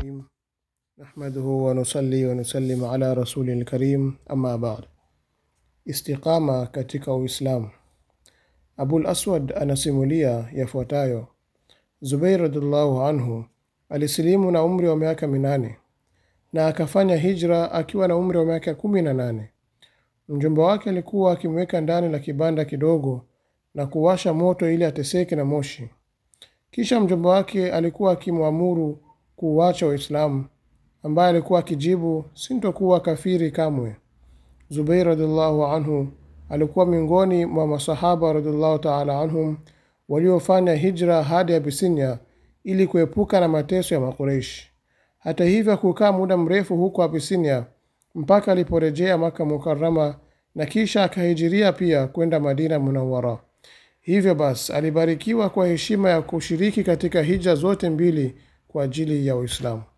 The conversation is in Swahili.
الرحيم نحمده ونصلي ونسلم ala rasulil karim amma ba'd. Istiqama katika Uislamu. Abul Aswad anasimulia yafuatayo: Zubair radhiallahu anhu alisilimu na umri wa miaka minane na akafanya hijra akiwa na umri wa miaka kumi na nane. Mjomba wake alikuwa akimweka ndani la kibanda kidogo na kuwasha moto ili ateseke na moshi. Kisha mjomba wake alikuwa akimwamuru kuuacha Uislamu, ambaye alikuwa akijibu sintokuwa kafiri kamwe. Zubair radhiallahu anhu alikuwa miongoni mwa masahaba radhiallahu taala anhum waliofanya hijra hadi Abisinia ili kuepuka na mateso ya Makureishi. Hata hivyo kukaa muda mrefu huko Abisinia mpaka aliporejea Maka Mukarama na kisha akahijiria pia kwenda Madina Munawara. Hivyo basi alibarikiwa kwa heshima ya kushiriki katika hija zote mbili e ao Islam.